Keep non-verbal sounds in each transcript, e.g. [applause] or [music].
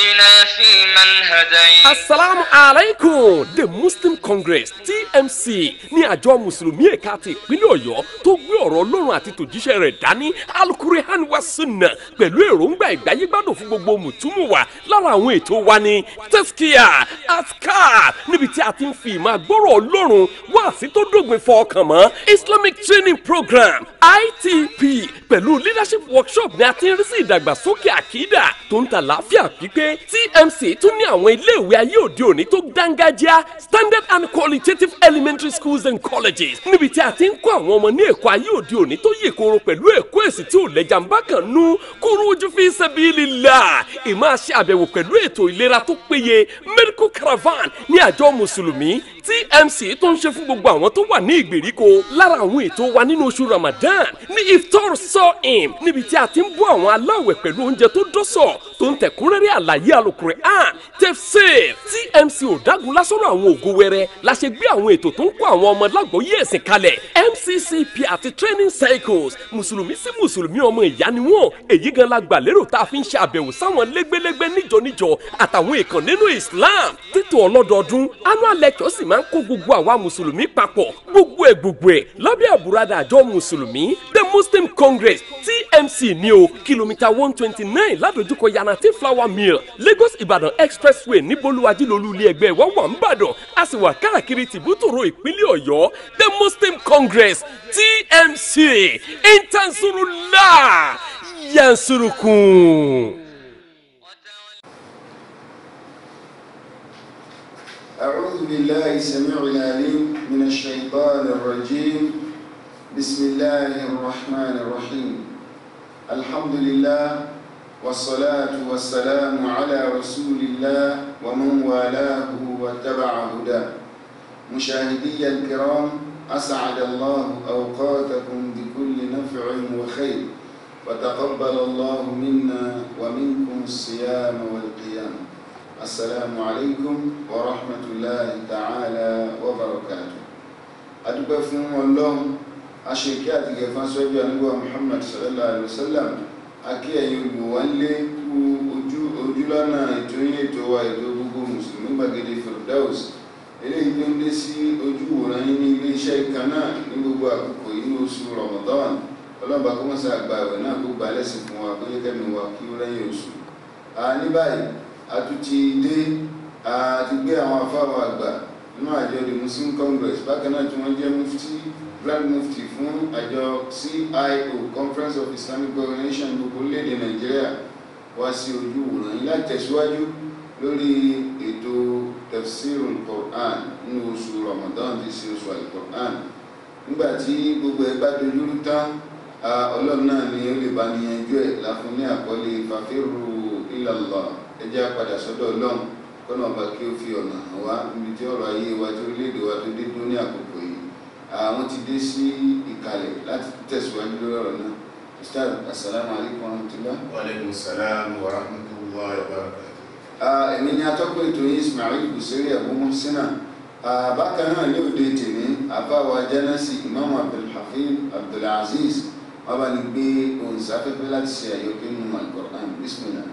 واهدنا فيمن هديت. asalaamu alaykum the muslim congress tmc ní àjọ mùsùlùmí ẹ̀ka ti ìpínlẹ̀ ọ̀yọ́ tó gbé ọ̀rọ̀ ọlọ́run àti tòjíṣẹ́ rẹ̀ dání alukurihan wa sunna pẹ̀lú èròǹgbà ìgbáyégbádùn fún gbogbo mùtúmùwà lára àwọn ètò wa ní tẹ́síkìá askar níbi tí a ti ń fi ìmọ̀ àgbọ̀rọ̀ ọlọ́run wá sí tó dògbìn fọkàn mọ́ islamic training program itp pẹ̀lú leadership workshop ni a ti ń rí sí ìdàgbàsókè àkídà tó ń ta láàfíà pípé pé TMC tún ní àwọn iléèwé ayé òde òní tó dángájá standard and qualitative elementary schools and colleges níbi tí a ti ń kọ́ àwọn ọmọ ní ẹ̀kọ́ ayé òde òní tó yè koro pẹ̀lú ẹ̀kọ́ èsì tí ò lẹ́jà ń bá kàn nú kúrú ojú fi sabilillah ìmáa ṣe àbẹ̀wò pẹ̀lú ètò ìlera tó péye medical caravan ní àjọ mùsùlùmí TMC tó ń ṣe fún gbogbo àwọn tó wà ní ìgbèríko lára àwọn ètò wa nínú oṣù Ramadan ní iftar sọ́ọ̀m níbi tí a ti ń bọ́ àwọn aláwẹ̀ pẹ̀lú oúnjẹ tó dọ́sọ̀ tó ń tẹ̀kúnrẹ́rẹ́ àlàyé alukur'an tefsir TMC ò dágun lásọ̀rọ̀ àwọn ògo wẹrẹ la ṣe gbé àwọn ètò tó ń kó àwọn ọmọ lágbóyè ẹ̀sìn kalẹ̀ MCCP àti training cycles mùsùlùmí sí mùsùlùmí ọmọ ìyá ni wọ́n èyí gan la gbà lérò tá a fi ń ṣe àbẹ̀wò sáwọn lẹ́gbẹ́lẹ́gbẹ́ níjọ àtàwọn ìkànnì Islam títò ọlọ́dọọdún annual lecture sì má máa ń kó gbogbo àwa mùsùlùmí papọ̀ gbogbo ẹ̀ gbogbo ẹ̀ lábẹ́ àbúradà àjọ mùsùlùmí the muslim congress tmc ní o kìlómítà one twenty nine ládojúkọ yanati flour mill lagos ìbàdàn expressway níbolúwájú lolú ilé ẹgbẹ́ wa wà ń bàdàn a sì wà káàkiri tìbútòrò ìpínlẹ̀ ọ̀yọ́ the muslim congress tmc intansurula yansurukun. أعوذ بالله سميع العليم من الشيطان الرجيم بسم الله الرحمن الرحيم الحمد لله والصلاة والسلام على رسول الله ومن والاه واتبع هداه مشاهدي الكرام أسعد الله أوقاتكم بكل نفع وخير وتقبل الله منا ومنكم الصيام والقيام asalaamu alaykum wa rahmatulahi ta'ala wa barakatu. adúpẹ́ fún ọlọ́run aṣèké àti gẹ̀fà sọ́jú àdúgbò muhammad sallallahu alayhi wa sallam akí ẹ̀yin olùwà ń lé kú ojú ojúlọ́nà ètò yín ètò wa ètò gbogbo mùsùlùmí gbàgede firdaus eléyìí tó ń dé sí ojú wòran yín ní iléeṣẹ́ kan náà ní gbogbo àkókò yìí ní oṣù ramadan ọlọ́ba kó mọ́sá àgbà ẹ̀wẹ̀ náà kó gbà lẹ́sìn fún wa kó yẹ kẹ́mi wa kí ó lẹ́yìn oṣù. ní báyìí àtúntì dé àti gbé àwọn afáwọ̀ àgbà nínú àjọ the muslim congress bákan náà tí wọ́n jẹ́ mufti black mufti fún àjọ cio conference of islamic Organization gbogbo orílẹ̀-èdè nàìjíríà wá sí ojú wòran láti tẹ̀síwájú lórí ètò tafsirun quran nínú oṣù ramadan tí sí oṣù al-quran nígbà tí gbogbo ẹ bá dojú rú tán ọlọ́run náà ni ó lè bá ní ẹjọ́ ẹ̀ láfún ní àkọlé fàfẹ́rù ilallah ẹ jẹ́ á padà sọ́dọ̀ ọlọ́run kọ́nà ọba kí ó fi ọ̀nà hàn wá níbi tí ọ̀rọ̀ ayé wa tí orílẹ̀-èdè wa tó dé dúró ní àkókò yìí àwọn ti dé sí ìkàlẹ̀ láti tẹ̀síwájú lórí ọ̀rọ̀ náà ustaz asalaamu alaykum wa rahmatulah. salaam wa rahmatulah wa barakatuh. èmi ni atọ́kùn ètò yìí Ismail Busiri Abu Muhsina bákan náà ní òde tèmi àbáwá jẹ́nẹ́sì imam abdulhafiz abdulaziz wọ́n bá gbé ohun sáfẹ́fẹ́ láti ṣe àyọkẹ́ nínú al-Qur'an bismillah.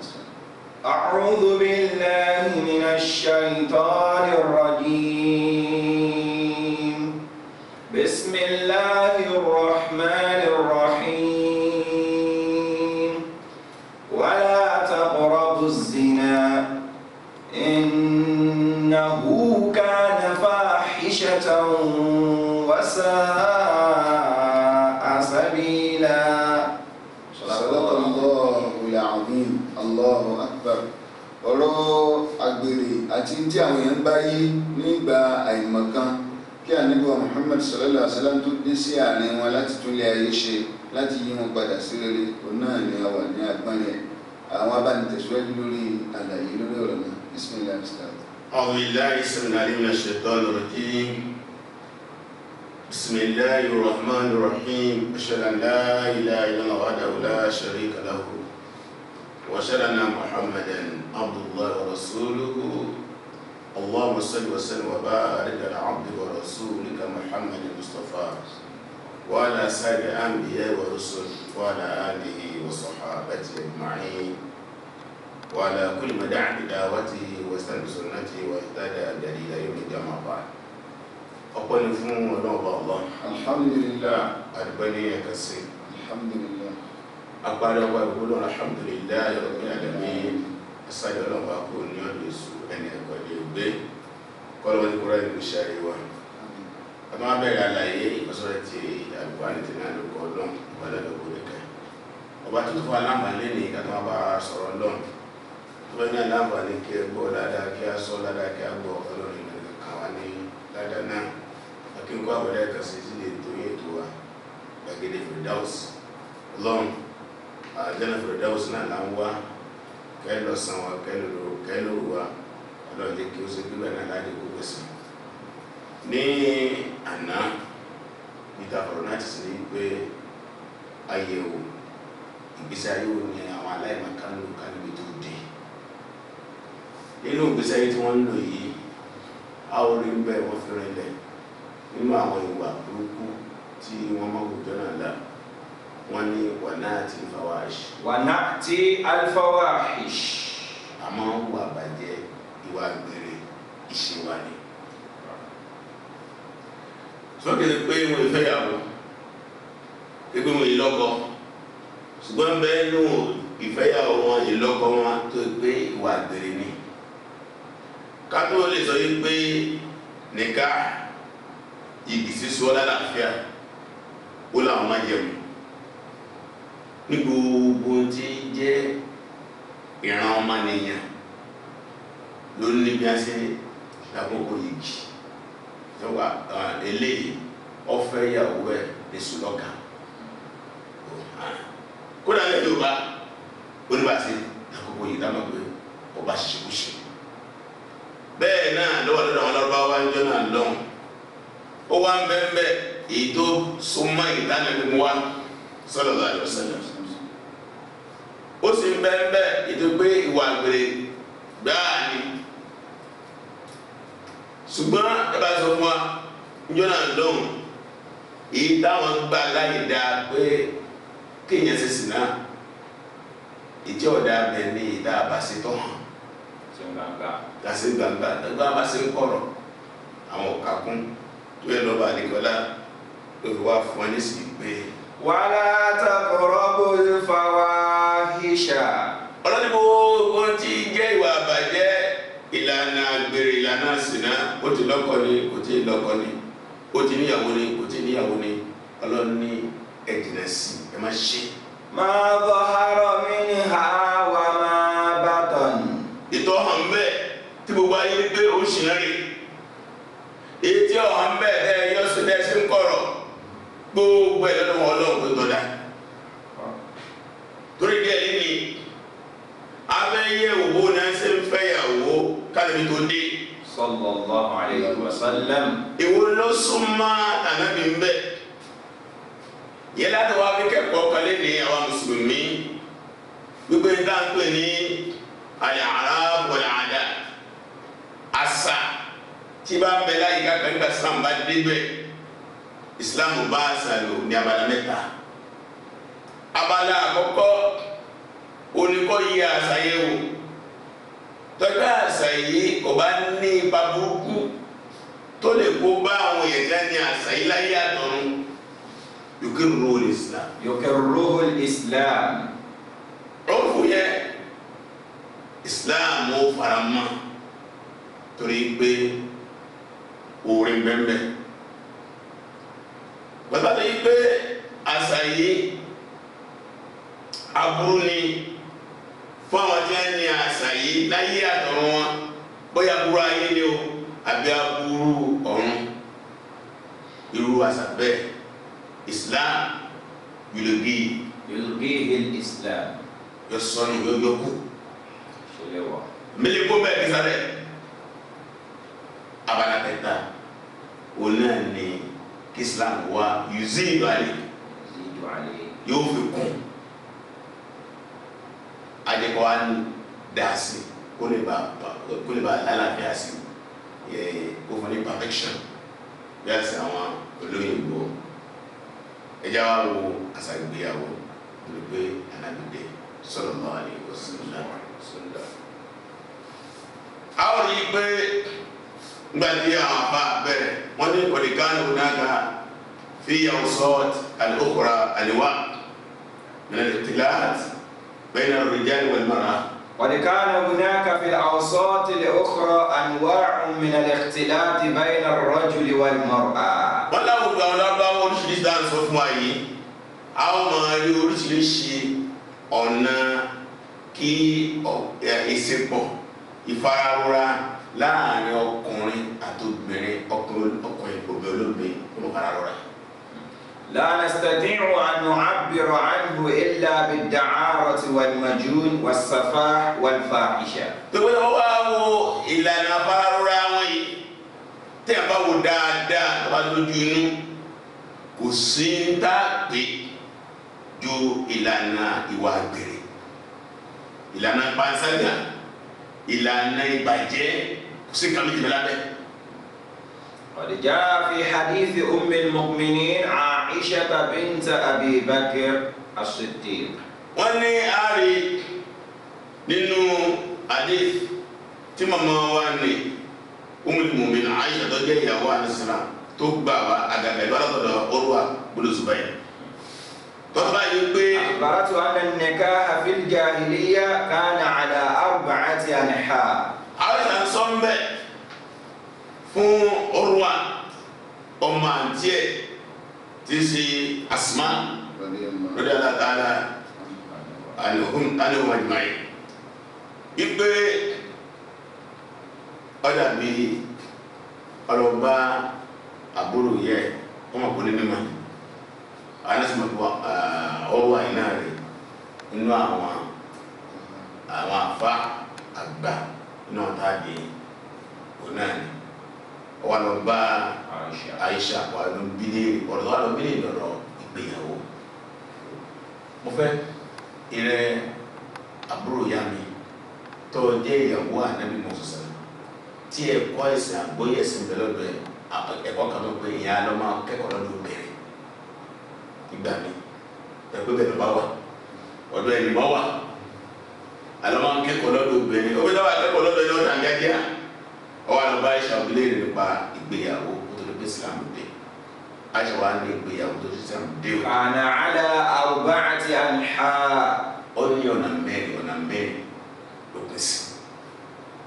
أعوذ بالله من الشيطان الرجيم بسم الله الرحمن الرحيم ولا تقربوا الزنا إنه كان فاحشة وساء àti tí àwọn èèyàn bá yí nígbà àìmọ̀kan kí ànábì wa Muhammad sallallahu alaihi wa sallam tó dé sí àárín wọn láti tún lé ayé ṣe láti yí wọn padà sí rere òun náà ni a wà ní agbọ́n yẹn àwọn abánitẹ̀síwájú lórí àlàyé lórí ọ̀rọ̀ náà bismillah islam. أعوذ بالله السميع العليم من الشيطان الرجيم بسم الله الرحمن الرحيم أشهد أن لا إله إلا الله وحده لا شريك له وأشهد أن محمدا عبد الله ورسوله اللهم صل وسلم وبارك على عبدك ورسولك محمد المصطفى وعلى سائر الانبياء والرسل وعلى اله وصحابته اجمعين وعلى كل ما دعا بدعوته واستنى بسنته واهتدى بدليل يوم الجمعه بعد ọpẹ́ ni fún ọlọ́ọ̀bá ọlọ́ alhamdulillah àdúgbẹ́ni ẹ̀ka sí alhamdulillah agbára ọgbà ìwúlò alhamdulillah rabbil alamin sáyé ọlọ́run bá kó ní ọ̀dọ̀ èso ẹni ẹ̀kọ́ lè gbé kọ́lọ́wọ́ ní kúrọ́ ìlú ṣàrí wa a máa bẹ̀rẹ̀ àlàyé ìkọsọ́rẹ́ ti àgbà ní tẹ̀lé àlùkò ọlọ́run wọlé lọ́kọ́ rẹ̀ ká ọba tó fún aláǹfààní ní ìgbà tó máa bá sọ̀rọ̀ lọ́run tó bá ní aláǹfààní kí ẹ gbọ́ ládàá kí a sọ ládàá kí a gbọ́ ọlọ́run ìlú kan wá ní ládàá náà akínkọ́ àbọ̀dá ìkàsí sí lè tó yé tó wa gbàgede fèrèdáwùsì ọlọ́run àjẹ́nà fèrèdáwùsì náà là ń wá kẹ́ lọ́sàn wa kẹ́ lóru wa ọlọ́run jẹ́ kí ó ṣe gbígbà náà láti gbogbo sí i ní àná peter coronati sì ní pé àyẹ̀wò ìgbésí ayé wo ni àwọn aláìmọ̀ká ń lò tó dé nínú ìgbésí ayé tí wọ́n ń lò yìí àwọn orí ń fi nínú àwọn ìwà burúkú tí wọ́n wọ́n ní wàná àti fawahish. wàná àti alfawahish. àmọ́ wà bàjẹ́ ìwà gbèrè ìṣèwádìí sọ́kè ni pé wọ́n fẹ́ yàwó pé wọ́n yìí lọ́kọ ṣùgbọ́n bẹ́ẹ̀ ní wọ́n ìfẹ́yàwó wọn yìí wọn tó pé ìwà àgbèrè ni kátó lè sọ yìí pé nìka ìgbìsí lálàáfíà ó làwọn máa jẹun ní gbogbo tí jẹ́ ìran ọmọnìyàn ló ní bí a ṣe lákòókò yìí lọ́wọ́ eléyìí ọ̀fẹ́ ìyàwó ẹ̀ lẹ́sùn lọ́ka kódà ní Yorùbá oníbàṣẹ lákòókò yìí dáná pé ọba ṣiṣẹ́ kó ṣe bẹ́ẹ̀ náà lọ́wọ́ lọ́dọ̀ àwọn lọ́rọ́báwá ń jọ náà lọ́hùn ó wá ń bẹ́ẹ̀ bẹ́ẹ̀ èyí tó súnmọ́ ìdánilẹ́gbẹ̀mú wa sallallahu ó sì ń bẹ́ẹ̀bẹ́ ètò pé ìwà àgbèrè gbáà ni ṣùgbọ́n ẹ bá sọ fún wa níjọ́ náà lóhùn èyí táwọn gbà láyè dá pé kéèyàn ṣe sìn náà ìjẹ́ ọ̀dà bẹ ní ìdá àbàṣe tó hàn gàṣẹ gbangba gbangba àbàṣe ń kọ̀rọ̀ àwọn òkàkún tó yẹ lọ́ba àdìgbọ́lá ló fi wá fún ẹ ní pé. wàhálà tàkùrọ̀ bó ń fa wá fáhíṣà ọlọ́ni gbogbo tí jẹ́ ìwà àbàjẹ́ ìlànà àgbèrè ìlànà sìnà ó ti lọ́kọ ni kò tí ì lọ́kọ ni ó ti níyàwó ni kò tí ì níyàwó ni ọlọ́ni ní ẹ̀jìnà sí ẹ má ṣe. máa bọ̀ hárọ̀ mi ní àwa máa bá tọ̀nù. ìtọ́ hàn bẹ́ẹ̀ tí gbogbo ayé gbé oṣù náà rí èyí tí ọ̀hán bẹ́ẹ̀ ẹ̀ yọ sí bẹ́ẹ̀ kọ̀rọ̀ gbogbo ẹ̀ lọ́dún ọlọ́run tó dá. anabi tó dé. sallallahu alayhi wa sallam. ìwo ló súnmọ́ anabi ń bẹ̀. yẹ́lá tó wá fi kẹ́kọ̀ọ́ kalẹ̀ ní àwọn mùsùlùmí gbogbo ní ká ń pè ní al-a'rab wal-'adat àṣà tí bá ń bẹ láyé ká kàn nígbà islam bá débẹ̀ islam bá àṣà lò ní abala mẹ́ta abala àkọ́kọ́ oníkọ́ yí àṣà yẹ̀ wò tọ́jú àṣà yìí kò bá ní ipa burúkú tó lè kó bá àwọn èèyàn ní àṣà yìí láyé àtọ̀run yukirruhu l-Islam. yukirruhu l-Islam. rọ́ọ̀fù yẹ Islam ó fara mọ́ torí pé orin bẹ́ẹ̀ bẹ́ẹ̀. àṣà bẹ́ẹ̀ Islam yòlògì yòlògì hin Islam yọ sọnù yọ yọkù mílíkù bẹ́ẹ̀ kí sáré abala kẹta òun náà ni kí Islam wá yuzidu ali yóò fi kún ajẹkọ wa ni daasi kó lè ba kó lè ba lálàáfíà sí kó fún ní perfection. láti àwọn olóyìnbó ẹjá wa wo àṣà ìgbéyàwó torí pé anábìdẹ sọ̀rọ̀ náà ní òsínlá sọ̀rọ̀ a ó rí i pé gbàdí àwọn àbá bẹ̀rẹ̀ wọ́n ní ọ̀dẹ̀gánì onága fi awsat al-ukhra al-waqt min al-ikhtilat bayna ar-rijal wal-mar'a. قد كان هناك في الأوساط الأخرى أنواع من الاختلاط بين الرجل والمرأة. wọ́n láwùjọ ọlọ́gbàwọ́ oríṣiríṣi dáhùn sọ fún wa yìí a ó máa rí oríṣiríṣi ọ̀nà kí ìsìnkú ìfarahura láàrin ọkùnrin àti obìnrin ọkùnrin ọkùnrin obìnrin olóbìnrin olùfarahura. لا نستطيع أن نعبر عن الحرب إلا بالدعارة والمجون والصفاح والفاحشة. tọ́gbọ́n ó wá wo ìlànà afárárá wọn yìí tẹ́ ẹ̀ bá wo dáadáa tó bá lójú inú kò sí ń dá pé ju ìlànà ìwà àgbèrè ìlànà panṣágà ìlànà ìbàjẹ́ kò sí kàmí jìbẹ́ lábẹ́. قد جاء في حديث أم المؤمنين عائشة بنت أبي بكر الصديق wọ́n ní ari nínú hadith tí màmá wa ní Ummul Mu'minin Aisha tó jẹ́ ìyàwó anisina tó gbà wá àgàbẹ̀ lọ́dọ̀dọ̀ Urwa ibn Zubayr tọ́tù báyìí pé. àbáràtú ànàníkà fil jahiliyya kánà. ọmọ àǹtí si tí ṣe Asma lọ́dẹ alátaala alihun alihun ajumaye ipe ọjà bí ọlọ́ba àbúrò yẹ ọmọ kò ní mímọ́ anásùmọ̀tò ọwọ́ àyínà rẹ̀ nínú àwọn àwọn àfa àgbà nínú ọ̀tá àdéhìn wà lọ bá Aisha wà lọ bílẹ̀ ọ̀rọ̀ wà lọ bílẹ̀ lọ́rọ̀ ìgbéyàwó mo fẹ́ ìrẹ àbúrò ya mi tó jẹ́ ìyàwó ànábì mọ̀ sọ̀sẹ̀ tí ẹ̀kọ́ ẹ̀sìn àgbóyè ẹ̀sìn bẹ̀rẹ̀ lọ́dọ̀ ẹ̀kọ́ kan tó pé ìyá lọ́ máa kẹ́kọ̀ọ́ lọ́dọ̀ bẹ̀rẹ̀ ìgbà mi ẹ̀kọ́ bẹ̀rẹ̀ bá wà ọ̀dọ̀ ẹ̀rì bá wà àlọ́ máa kẹ́kọ̀ọ́ lọ́dọ̀ bẹ̀rẹ̀ ọ̀gbẹ́dọ̀ wà kẹ́kọ̀ọ́ lọ́dọ̀ yọ̀ọ́ ọwọ́ àná bá Aisha òbí léèrè nípa ìgbéyàwó tó lè gbé Islam dé Aisha wa ní ìgbéyàwó tó lè Islam dé o. àná àlà arba'ati anha. ó ní ọ̀nà mẹ́rin ọ̀nà mẹ́rin ló pín sí.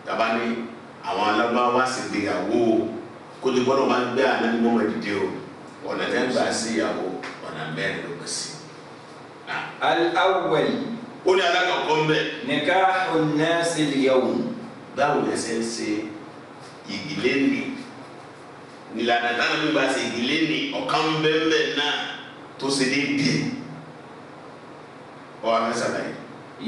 tàbá ní àwọn alábáwá sì gbéyàwó kó tó gbọ́dọ̀ máa gbé àná nínú ẹ̀dídé o ọ̀nà tẹ́ sí ìyàwó ọ̀nà mẹ́rin ló pín sí. al ó ní alákọ̀ọ́kọ́ mbẹ́. nikahun nas al-yawm ìdílé ni ìlànà táwọn mi bá ṣe ìdílé ni ọ̀kan bẹ́ẹ̀ náà tó ṣe dé dì ọ àmì sàlàyé.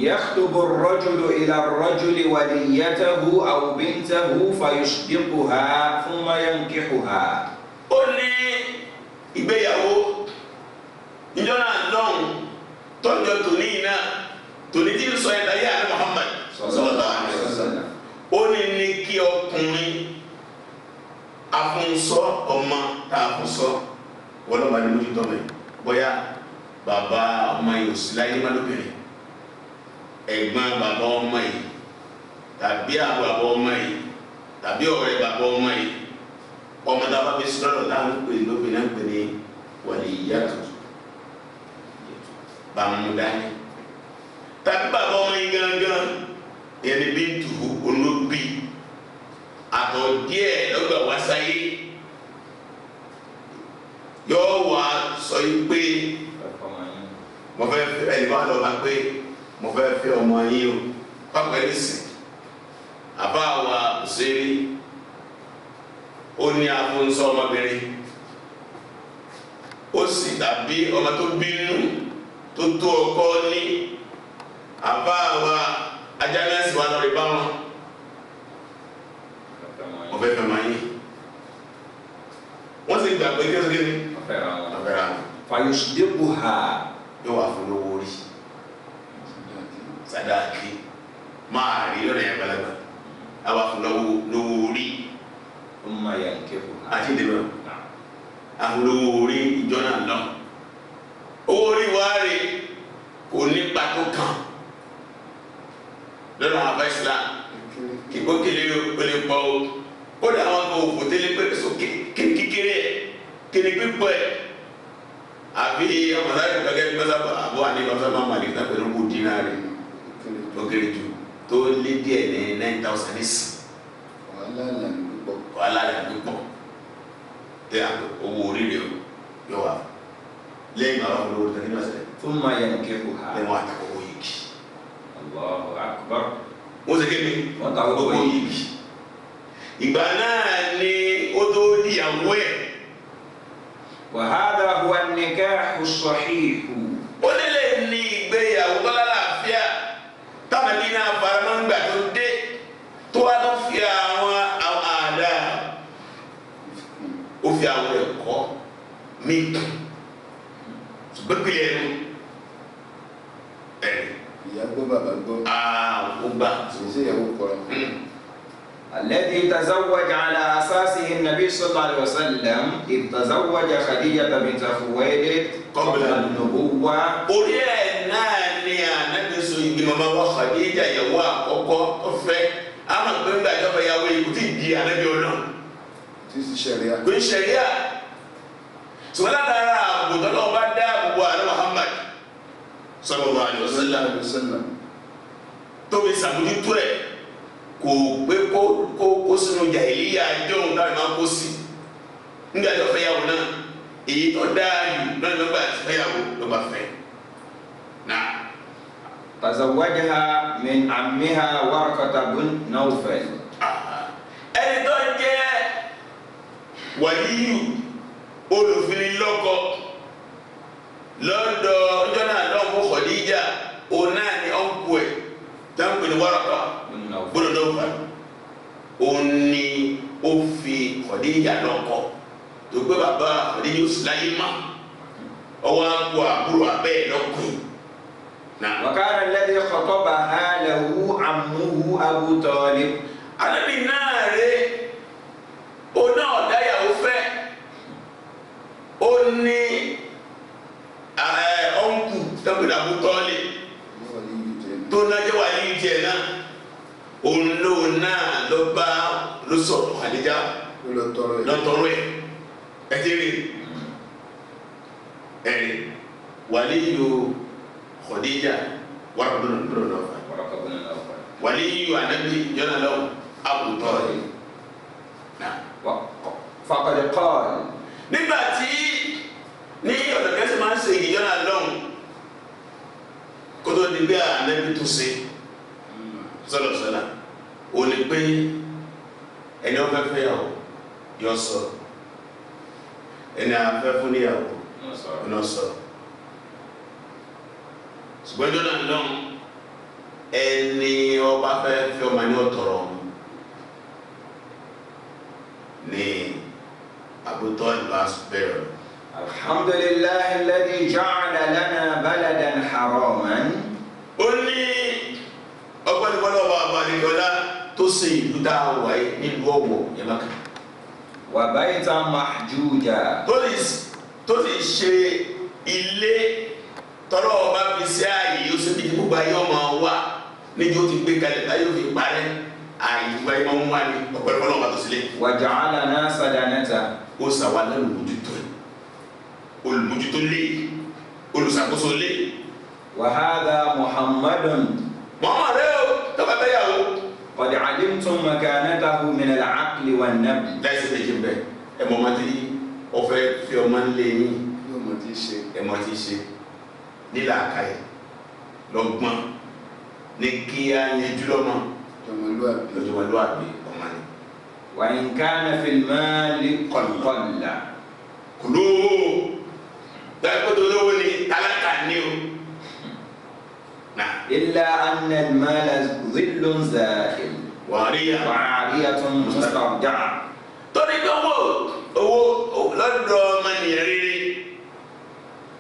يخطب الرجل إلى الرجل وليته أو بنته فيشبقها ثم ينكحها. ó ní ìgbéyàwó ìjọ náà lọ́hùn tọ́jọ́ tòní náà tòní tí ń sọ ẹ̀dá yára Muhammad sallallahu alaihi wasallam ó ní ní kí ọkùnrin afunsọ ọmọ tá a fún sọ wọlọ́ba ni mo ti tọ́ mẹ́ bóyá bàbá ọmọ yìí ò sí láyé má lóbìnrin ẹ̀gbọ́n bàbá ọmọ yìí tàbí àwọn bàbá ọmọ yìí tàbí ọ̀rẹ́ bàbá ọmọ yìí ọmọ tá a bá fi sọ́dọ̀ táwọn pè lóbìnrin náà pè ní wàlẹ̀ ìyá tuntun bàmúdání tàbí bàbá ọmọ yìí gángan ẹni bí àtọ̀ díẹ̀ lọ́gbà wá sáyé yóò wá sọ yìí pé mo fẹ́ fẹ́ ẹni wá lọ bá pé mo fẹ́ fẹ́ ọmọ yín o pápá ẹni sìn àbá wa òṣèré ó ní afúnṣọ ọmọbìnrin ó sì tàbí ọmọ tó bínú tó tó ọkọ ní àbá wa ajá náà sì ọ̀fẹ́ fẹ́ máa mãe. Onde sì gbà pé kẹ́sìkí ni ọ̀fẹ́ ra wọn ọ̀fẹ́ ra wọn. eu ha yóò wà fún lówó rí sadaki máa rí lọ́nà yẹn balaba no wà fún lówó rí. ó máa yà ń kẹ́kọ̀ọ́. àti ìdèbà àfọlówó rí ìjọ náà ẹ̀ wa hadha huwa an-nikahu as-sahih. ó lè lè ní ìgbéyàwó lọ́lá làáfíà táwọn ẹbí náà fara máa ń gbà tó dé tó wá fi àwọn àdá ó fi àwọn ẹ̀kọ́ mi ṣùgbọ́n pìlẹ̀ ẹ̀rù ẹ̀rù. ìyá gbọ́ bàbá gbọ́. àà ah, ó gbà. ṣèṣe ìyàwó kọ́ra. التي تزوج على أساسه النبي صلى الله عليه وسلم إذ تزوج خديجة بنت خويلد قبل النبوة orí ẹ̀ náà ni ànábi so igi mama wa Khadija yẹ̀wò àkọ́kọ́ tó fẹ́ ama pé ńgbà ìjọba yàwó ikú ti di ànábi ọ̀nà. tí ti sẹ̀ríà. kò ní sẹ̀ríà ṣùgbọ́n látara àbùdọ́lọ́ bá dá àbùbọ̀ àná Muhammad sallallahu alaihi wasallam tóbi sàmójútó ẹ̀ kò pé kó kó kó sínú jàìlíyà jọ̀hún táwọn máa kó sí nígbà tó fẹ́yàwó náà èyí tó dáa jù náà ló gbà fẹ́yàwó ló bá fẹ́ náà. tazawwajaha min ammiha Warqata bun Nawfal. ẹni tó jẹ́ wàlíyù olùfinilọ́kọ lọ́dọ̀ ọjọ́ náà lọ́mú Khadija òun náà ni ọ̀nkú táǹpì ní wárọ̀kọ̀ gbọ́dọ̀ lọ́wọ́ ó ní ó fi Khadija lọ́kọ̀ tó gbé bàbá Khadija síláyé má ọwọ́ àpò àbúrò abẹ́ ẹ̀ lọ́kùn. وكان الذي خطبها له عمه أبو طالب. Ànábì náà sọ̀rọ̀ àdéjà lọ́tọ̀rọ̀ ẹ̀ ẹ ti rí ẹ̀rí wàlíyù kọ̀díjà wàrúdùn lọ́nà ọ̀fà wàlíyù ànábì jọ́nà lọ́wọ́ àbùtọ́ rẹ̀ náà. fàkàdé kọ́ọ̀lì. nígbà tí ní ọ̀dọ̀ kẹsì máa ń ṣe ìjọ́nà lọ́wọ́ kótó di bí tó ṣe sọlọ sọlá ò ní ẹni ọfẹ fẹ yàwó yọ sọ ẹni afẹ fún níyàwó ẹni ọsọ ṣùgbọ́n jọ náà lọ́n ẹni ọba fẹ fẹ ọmọ ní ọtọrọ ní àbútọ ìlú الحمد لله الذي جعل لنا بلدا حراما. ó ní ọgbẹ́ni bọ́lá ọba àbálẹ̀ tó ṣe ìlú dá wà yìí nílùú Ọ̀wọ̀ yẹn Mákà. wà báyìí tá a máa jù jà. tó lè ṣe ilé tọ́lọ́ ọba fi sí ààyè yóò ṣe bíi gbogbo ayé ọmọ wa níjó ti gbé kalẹ̀ táyé òfin parẹ́ ààyè gbogbo ayé ọmọ wa ni ọ̀pẹ̀lọpọ̀ náà wà tó sílẹ̀. wàjà àlànà sàdánẹ́ta. ó sàwọn olùmójútó lé olùsàkóso lé. wàhálà muhammadun. mọ́mọ́ rẹ أنتم مكانته من العقل والنبل. láìsí méjì bẹ́ẹ̀ ẹ mọ̀ máa ti ọ̀fẹ́ fi ọmọ ń lé yín ẹ mọ̀ ti ṣe nílà àkàyè lọ́gbọ́n ní kí á yanjú lọ́mọ lọ́jọ́mọlúwàbí ọmọ ni. وإن كان في المال قل kùlù gbàgbọ́dọ̀ lówó ni tálákà ni o. إلا أن المال ظل زائل wàríyà wàríyà tó ń mùsùlùmí jà. torí pé owó owó lọ́dọ̀ ọmọ nìyẹn rírì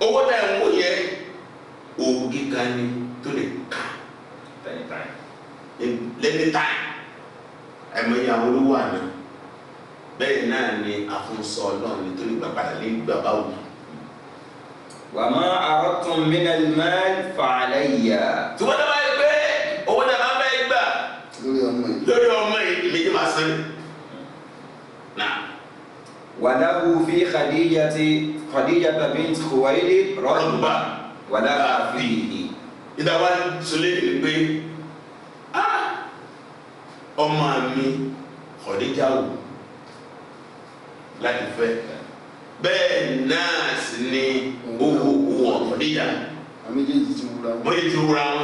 owó tá ẹ̀ ń wò yẹ òògì kan ni tó lè ka lẹ́ni táì ẹ̀mọ̀yà olówó àná bẹ́ẹ̀ náà ni àfúnsọ náà nítorí bàbá lè bàbá wù. wàmọ́ àrọ́tún mílíọ̀nù mẹ́fà lẹ́yìn. tí wọ́n dábàá lórí ọmọ yìí méjì máa sẹ́ni. wàdàbù fi khadija ti khadija bint khuwailid rọ́ọ̀bà wàdàbà fi yìí. ìdáwà sọlẹ̀ ni pé ọmọ mi khadija wò láti fẹ́ bẹ́ẹ̀ náà sì ni owó owó ọ̀rọ̀ níyà. àmì yéé ti wúra mo bóyá ti wúra wọn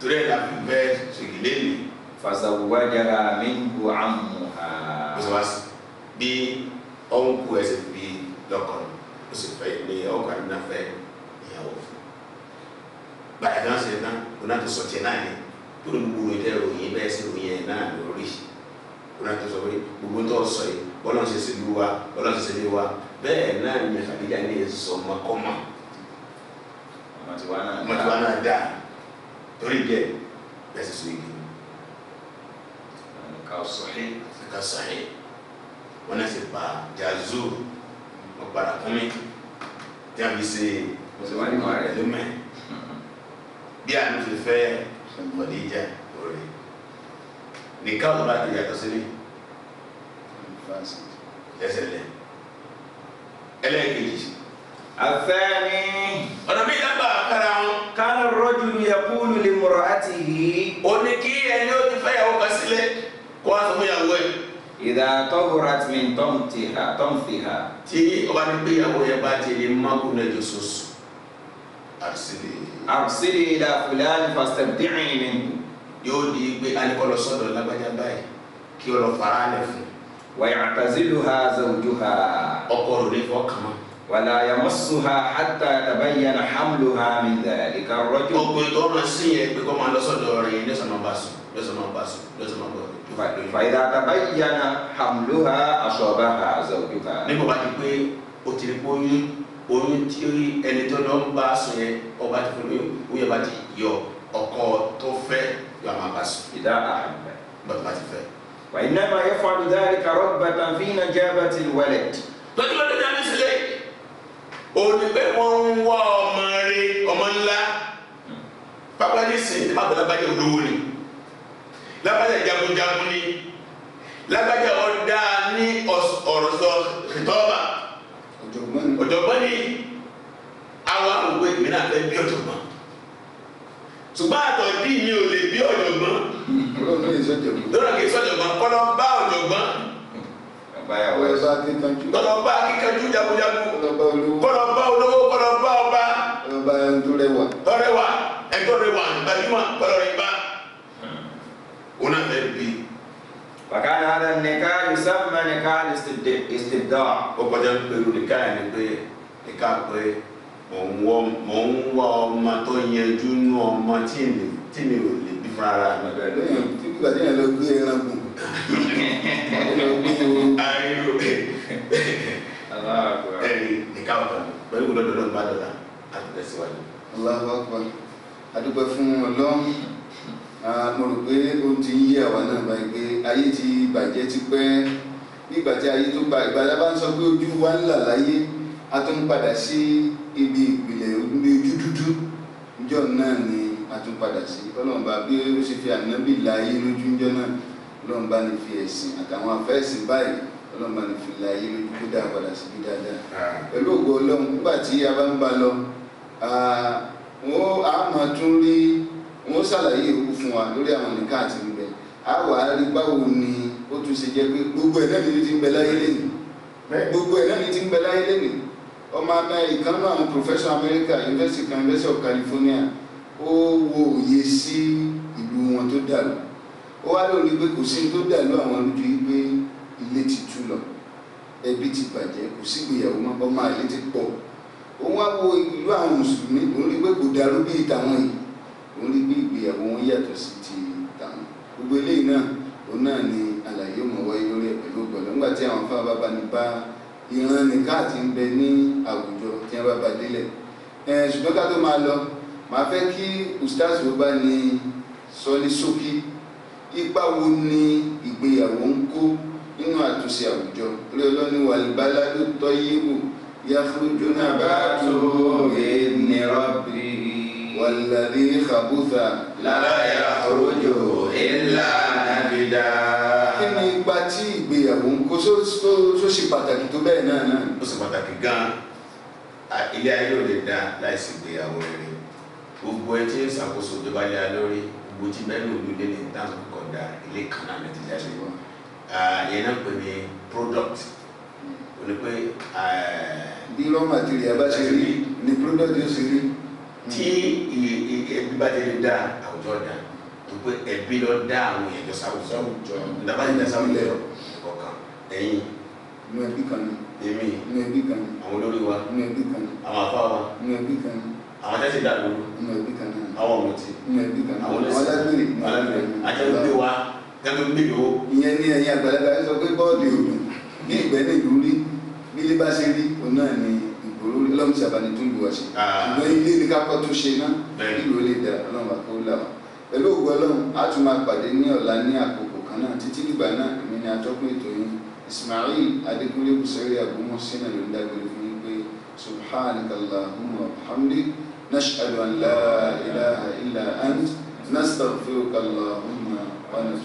torí ẹ̀ la fi bẹ́ẹ̀ sèkìlẹ́ nìyí fasawajaha minhu amuha. bisimilasi bí ọ̀hún kú ẹsẹ̀ bí lọ́kàn ó ni fẹ́ ní ọkọ̀ àdúrà fẹ́ ìyàwó fún un. báyìí náà ṣe tán ni tó ní gbogbo ìtẹ́ ròyìn bẹ́ẹ̀ sí ròyìn ẹ̀ náà lórí kó náà tó sọ pé gbogbo tó sọ yìí bọ́lá ṣe wa bọ́lá ṣe ṣe lu wa bẹ́ẹ̀ náà ni àdìjà ní sọ ọmọkọ́mọ. da, tiwa náà dáa torí bẹ́ẹ̀ bẹ́ẹ̀ كالصحيح كالصحيح ونفي با جازور وبارا كومي تعمل سي وزواني وارد لما بيعمل في الفير خديجة وري نكاح بقى كده تصيري ẹsẹ̀ lẹ ẹlẹ́ẹ̀kejì. àfẹ́ni. ọ̀nà bíi dábà kára wọn. kana rọ́jù yakulu li mur'atihi. o ní kí ẹni ó ti fẹ́ yàwó kan sílẹ̀ ìdá tọ́wúra tí mi tọ́m ti hà tọ́m fi hà. tí ọba ní pé ìyàwó yẹn bá ti ní mọ́kùn náà jọ sọ́sọ́ àbísílẹ̀. àbísílẹ̀ ìdá fúlàní fásitẹ̀ dìrín ni. yóò di pé alikọlọ sọdọ lágbájá báyìí kí ọlọ fara alẹ wàyà àtàzílù ha zàwùjú ha. ọkọ rẹ̀ fọ́ kàn wàlà yamassuha hatta tabayyana hamluha min dhalika ar-rajul. gbogbo ètò ọmọ sí yẹn pé kọ́ máa lọ́sọ̀dọ̀ rẹ̀ lẹ́sàn máa bá sùn lẹ́sàn máa bá sùn lẹ́sàn máa bọ̀. fàyidà tabayyana hamluha asabaha zawjuha. nígbà bá ti pé o ti rí pé oyún oyún tí ẹni tó lọ ń bá sùn yẹn ọba ti fún mi oyún bá ti yọ ọkọ tó fẹ́ yọ àmà bá sùn. ìdá àhàbẹ̀. bàtà bá ti fẹ́. wà òní pé wọ́n ń wá ọmọ rẹ ọmọ ńlá pápá nísìnyí má bọ̀ lábàjẹ́ olówó ni lábàjẹ́ jagunjagun ni lábàjẹ́ ọ̀dà ní ọ̀rọ̀ sọ ìtọ́ba ọ̀jọ̀gbọ́n ni àwa òwe mìíràn fẹ́ bí ọ̀jọ̀gbọ́n ṣùgbọ́n àtọ̀dí mi ò lè bí ọ̀jọ̀gbọ́n lọ́rọ̀ kì í sọ̀jọ̀gbọ́n kọ́lọ́ bá ọ̀jọ̀gbọ́n báyàwó ẹ̀ sùn. kọlọ́ba akíkanjú jagunjagun. kọlọ́ba olówó. kọlọ́ba olówó kọlọ́ba ọba. kọlọ́ba ẹ̀ńtọ́rẹ́wà. tọ́rẹ́wà ẹ̀ńtọ́rẹ́wà gbajúmọ̀ kọlọ́rẹ́ba. o hmm. náà fẹ́ bi. wàkàtí hada nìka yusamma nìka istibda. ó kọjá pẹ̀lú nìka yẹn ni pé nìka pé mò ń wá ọmọ tó yẹjú nú ọmọ tí mi tí mi ò lè bí fúnra rẹ̀. lẹ́yìn tí kúkà [laughs] [laughs] ẹ̀rí nìkan kan pẹ̀lú ìwúlò dọ̀dọ̀ bá dọ̀la àtúntẹ̀síwájú. Allahu Akbar adúpẹ́ fún ọlọ́run mo rò pé ó ti ń yé àwa náà báyìí pé ayé ti bàjẹ́ ti pẹ́ nígbà tí ayé tó ba ìgbàlá bá ń sọ pé ojú wa ń là láyé a tún ń padà sí ibi ìpìlẹ̀ ní ojú dúdú níjọ́ náà ni a tún padà sí ọlọ́run bá bí ó ṣe fi ànábì láyé lójú níjọ́ náà ọlọ́run bá ní fi ẹ̀sìn àtàwọn afẹ́sìn báyìí ọlọ́run bá ní fìlà ayé lójú kó dáa padà síbi dáadáa pẹ̀lú ògo ọlọ́run nígbà tí a bá ń ba lọ wọ́n á máa tún rí wọ́n ṣàlàyé ewu fún wa lórí àwọn nìkan àti ibẹ̀ á wà á rí báwo ni ó tún ṣe jẹ́ pé gbogbo ẹ̀ náà ni ti ń bẹ láyé lẹ́yìn gbogbo ẹ̀ náà ni ti ń bẹ láyé lẹ́yìn ọmọ amẹ́ríkà náà àwọn professor America University kan University of California ó wo òye sí ìlú wọn tó dàlú ó wá lórí pé kò sí tó dàlú àwọn olùdíyí pé ilé ti tú lọ ẹbí ti bàjẹ́ kò sí ìgbéyàwó mọ́ ọmọ àlè ti pọ̀ òun wá wo ìlú àwọn mùsùlùmí òun rí pé kò dàrú bí ìtàwọn yìí òun rí pé ìgbéyàwó wọn yàtọ̀ sí ti ìtàwọn gbogbo eléyìí náà òun náà ni àlàyé mọ̀ wáyé lórí ẹ̀ pẹ̀lú ọ̀gbọ̀n nígbà tí àwọn afárá bá ní bá ìran nìkan àti ń bẹ ní àwùjọ tí wọn bá ba délẹ̀ ẹ ṣùgbọ́n ká tó máa lọ màá fẹ́ kí ustaz wo bá ní sọ ní ṣókí ipa wo ni ìgbéyàwó ń kó nínú àtúnṣe àwùjọ orí ọlọ́ni wà lùbálá ló tọ́ yíwò yàfúrújú náà bá tó ènìyàn bí wàlàdí kàbúfà láyà òròjò ńlá nàbìdá. kí ni ipa tí ìgbéyàwó ń kó só ṣe pàtàkì tó bẹ́ẹ̀ náà náà. ó ṣe pàtàkì gan-an ilé ayé ò lè dá láìsí ìgbéyàwó rere gbogbo ẹ tí ń ṣàkóso ìjọba lé lórí gbogbo tí bẹ́ẹ̀ lòlú lé ní ìtàn kọ̀ọ̀dà ilé kan náà lè ti jáde wọn. Ah, yẹn náà pè ní product o hmm. ní pé. Eh, bí raw material bá ṣe rí ni product yóò ṣe rí. tí ẹbí bá ti rí dá àwùjọ dá tó pé ẹbí lọ dá àwọn èèyàn jọ sáwùjọ ìdábàá ti dá sáwùjọ ọkàn ẹ̀yìn. inú ẹbí kan ni. èmi inú ẹbí kan ni. àwọn olórí wa inú ẹbí kan ni. àwọn afá wa inú ẹbí kan ni. àwọn tẹ́sí dàgbò inú ẹbí kan ni. àwọn ọ̀mùtí inú ẹbí kan ni. àwọn ọlẹ́sìn alágbèrè àjẹgbé wa yàtọ̀ níbi ìdòwò. ìyẹn ní ẹ̀yin àgbàlagbà ẹ sọ pé bọ́ọ̀lù ìlú ní ìgbẹ́ ní ìlú rí bí ilé bá ṣe rí òun náà ni ìgboro rí ọlọ́run ti àbáni tó ń lu ọṣẹ. ìgbẹ́ ilé ní kápọ́ tó ṣe ná ìlú ó lè dà ọlọ́run àkó là wà. pẹ̀lú ògo ọlọ́run a tún máa pàdé ní ọ̀la ní